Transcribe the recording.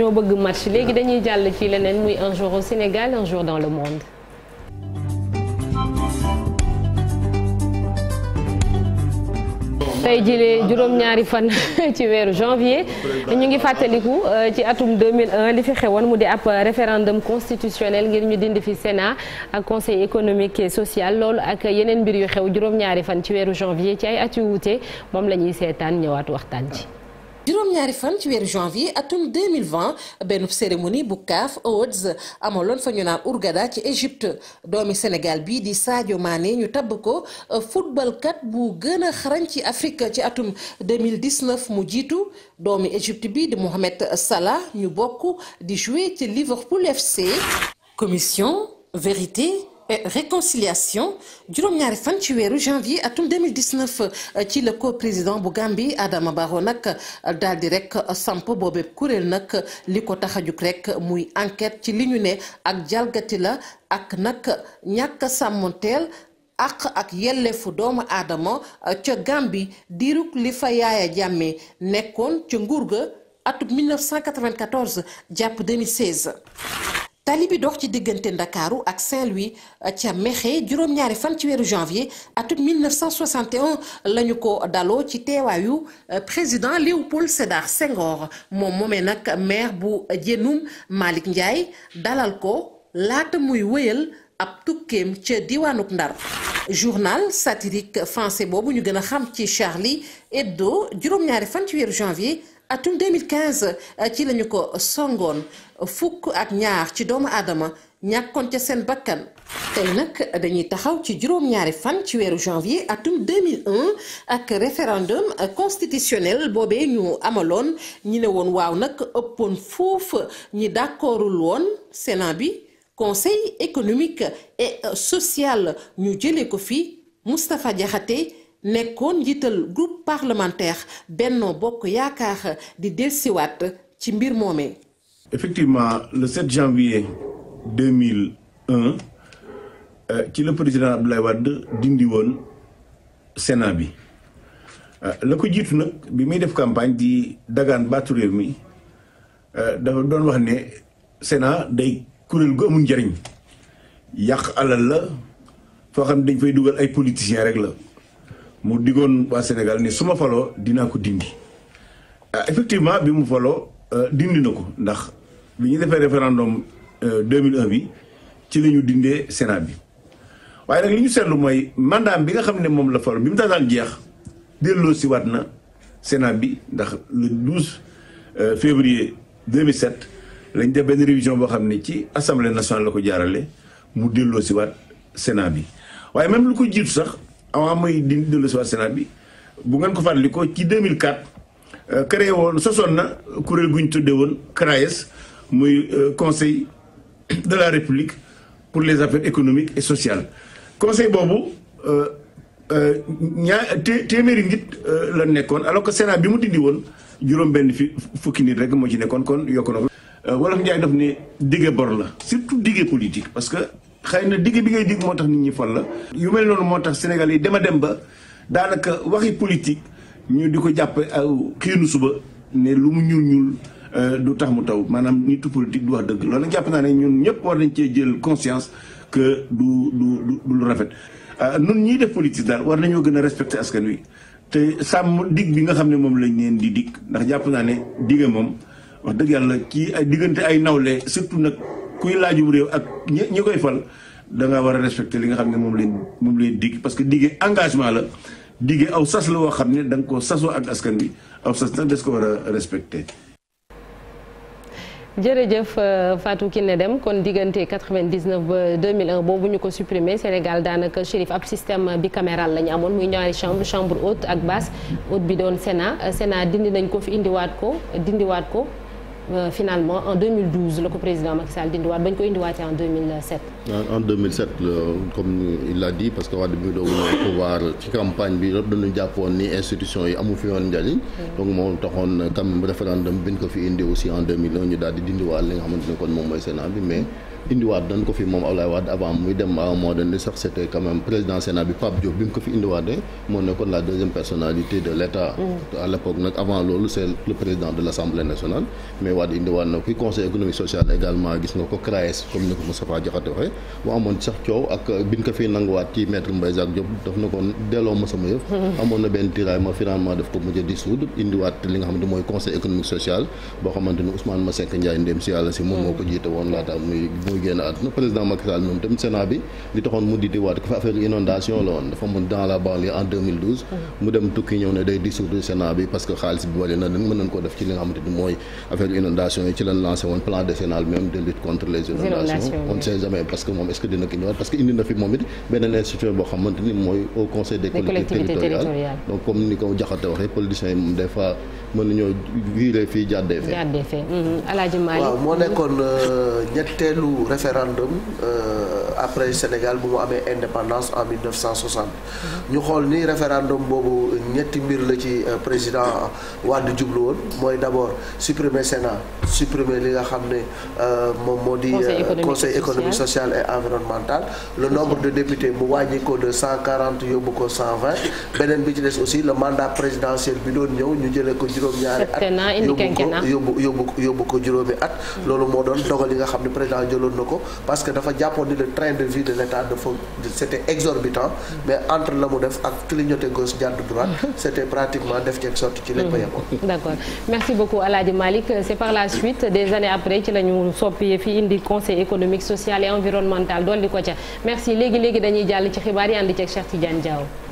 ñoo bëgg match léegi dañuy jàll ci leneen muy un jour au Sénégal un jour dans le monde. tey jii juróom-ñaari fan ci weeru janvier ñu ngi fàttaliku euh, ci atum 2001 li fi xewoon mu di ab référendum constitutionnel ngir ñu dindi fi Sénat ak conseil économique et social loolu ak yeneen mbir yu xew juróom-ñaari fan ci weeru janvier ci ay at yu wuute moom la ñuy seetaan ñëwaat waxtaan ci. juróom-ñaari fan ci weeru janvier atum 2020 benn cérémonie bu CAF Awards amaloon fa ñu naan Hurghada ci Égypte doomi Sénégal bii di Sadio maane ñu tabb ko euh, footballkat bu gën a xarañ ci Afrique ci atum 2019 mu jiitu doomi Égypte bi di Mohamed Salah ñu bokk di jouer ci Liverpool FC commission vérité réconciliation juróom-ñaari fan ci weeru janvier atum 2019 euh, ci la ko président bu Gambie Adama Barrow nag euh, daal di rek euh, samp boobee kuréel nag li ko tax a jug rek muy enquête ci li ñu ne ak jalgati la ak nag ñàkk a sàmmonteel àq ak yelleefu doomu aadama ca Gambie diirug li fa Yaaya jàmme nekkoon ca nguur ga atub 1994 jàpp 2016. tali bi dox ci diggante ndakaaru ak Saint-Louis euh, ca Mexe juróom-ñaari fan ci weeru janvier atum 1961 lañu ko daloo ci teewaayu euh, président Léopold Sédar Senghor moom moomee nag maire bu Jënum Malick Ndiaye dalal ko laata muy wëyal ab tukkeem ca diwaanuk Ndar journal satirique français boobu ñu gën a xam ci Charlie Hebdo juróom-ñaari fan ci weeru janvier atum 2015 euh, ci lañu ko songoon fukk ak ñaar ci doomu aadama ñàkkoon ca seen bakkan tey nag dañuy taxaw ci juróom-ñaari fan ci weeru janvier atum 2001 ak référendum constitutionnel boobe ñu amaloon ñi ne woon waaw nag ëppoon foofu ñi d'accordul woon Sénat bi conseil économique et social ñu jële ko fi Moustapha Diakhaté nekkoon njiital groupe parlementaire Benno Bokk Yaakaar di delsiwaat ci mbir moomee effectivement le 7 janvier 2001 euh, ci la président lay Wade dindi woon Sénat bi euh, la ko jiitu nag bi muy def campagne di dagaan baatu réew mi euh, dafa doon wax ne Sénat day kuréel gu amul njariñ yàq alal la foo xam ne dañ fay dugal ay politiciens rek la mu diggoon waa Sénégal ni su ma faloo dinaa ko dindi ah, effectivement bi mu faloo euh, dindi na ko ndax bi ñu defee référendum 2001 euh, bi ci la ñu dindee Sénat bi waaye nag li ñu seetlu mooy mandat bi nga xam ne moom la falu bi mu daan jeex delloo si waat na Sénat bi ndax le 12 euh, février 2007 lañ def benn révision boo xam ne ci assemblée nationale la ko jaarale mu délloo si waat Sénat bi waaye même lu ko jiitu sax avant may di dellu si waat Sénat bi bu ngeen ko fàttalikoo ci 2004 euh, créé woon sosoon na kuréel gu ñu tuddee woon CRAES muy euh, conseil de la république pour les affaires économiques et sociales conseil boobu euh, ñaar téeméeri nit la nekkoon alors que Sénat bi mu dindi woon juróom-benn fi fukki nii rek moo ci nekkoon kon yokk na ko. wolof Njaay daf ne dige bor la surtout dige politique parce que. xëy na digg bi ngay digg moo tax nit ñi fal la. yu mel noonu moo tax Sénégal yi dem dem ba daanaka waxi politique ñu di ko jàppe aw xiinu suba ne lu mu ñuul ñuul. Euh, du tax mu taw maanaam nitu politique du wax dëgg loolu nag jàpp ne ñun ñëpp war nañ cee jël conscience du du du rafet. Euh, nun ñiy def politique daal war nañoo gën a respecter askan wi te sàmm digg bi nga xam ne moom lañ leen di digg ndax jàpp naa ne digg moom wax dëgg yàlla kii ay diggante ay nawle surtout nag. kuy laajum réew ak ñi ñi koy fal da ngaa war a respecté li nga xam ne moom leen moom leen digg parce que digge engagement la digge aw sas la woo xam ne da nga koo sasoo ak askan bi aw sas nag des ko war a respecté. jërëjëf ki ne Deme kon diggante 99 ba 2001 boobu ñu ko supprimer Sénégal daanaka Chérif ab système bicaméral la ñu amoon muy ñaari chambre chambre haute ak basse haute bi doon Sénat Sénat dindi nañ ko fi indiwaat ko dindiwaat ko. Euh, finalement en 2012 la ko président Macky Sall dindiwaat bañ ko indiwaatee en 2007. en 2007 comme il l'a parce que wax dëgg doog na pouvoir ci campagne bi lépp dañu ni institution yi amu fi woon njëriñ. Mm. donc moom taxoon quand référendum bi ko fi indi aussi en 2001 ñu daal di dindiwaat li nga xamante ne kon moom mooy Sénat bi mais. indiwaat dañ ko fi moom Abdoulaye avant muy dem à un moment donné sax c' était président Sénat bi Pape Diop bi mu ko fi mm. indiwaat ne mm. mooy conseil économique social boo xamante ni Ousmane Masseck Ndiaye ndem si yàlla si moom moo ko jiite woon laata muy bi président Macky Sall moom tam Sénat bi li taxoon mu di waat ko fa affaire inondation la woon dafa mun dans la banlieue en mu dem tukki ñëw ne day dissoudre Sénat bi parce que xaalis bi bari na dañ mën nañ ko def ci li xamante ni mooy affaire inondation yi ci lañ lancé woon plan décennal même de lutte contre les inondations on ne sait parce que moom est que dina ki ñëwaat parce que indi na fi moom it beneen institution boo xamante ni mooy référendum euh, après Sénégal bu mu amee indépendance en 1960. ñu xool ni référendum boobu ñetti mbir la ci euh, président Wade jublu mooy d' abord supprimer Sénat supprimer li nga xam ne euh, moom moo di. conseil économique social et environnemental. le nombre de députés mu wàññi ko de 140 yóbbu ko 120 beneen bi ci des aussi le mandat présidentiel bi doon ñëw ñu jëlee ko juróom-ñaari at. yóbbu ko yóbbu ko juróomi at. loolu moo doon dogal nga xam ne président jëloon dugaloon na ko parce que dafa jàppoon ni le train de vie de l'État dafa c'était exorbitant mais entre la mu def ak clignoter gauche jàdd droite c'était pratiquement def ceeg sorti ci lépp a d'accord merci beaucoup Alaaji Malick c'est par la suite des années après ci la ñu soppi fi indi conseil économique social et environnemental dolli ko ca merci léegi léegi dañuy jàll ci xibaar yi ànd ceeg Cheikh Tidiane Diaw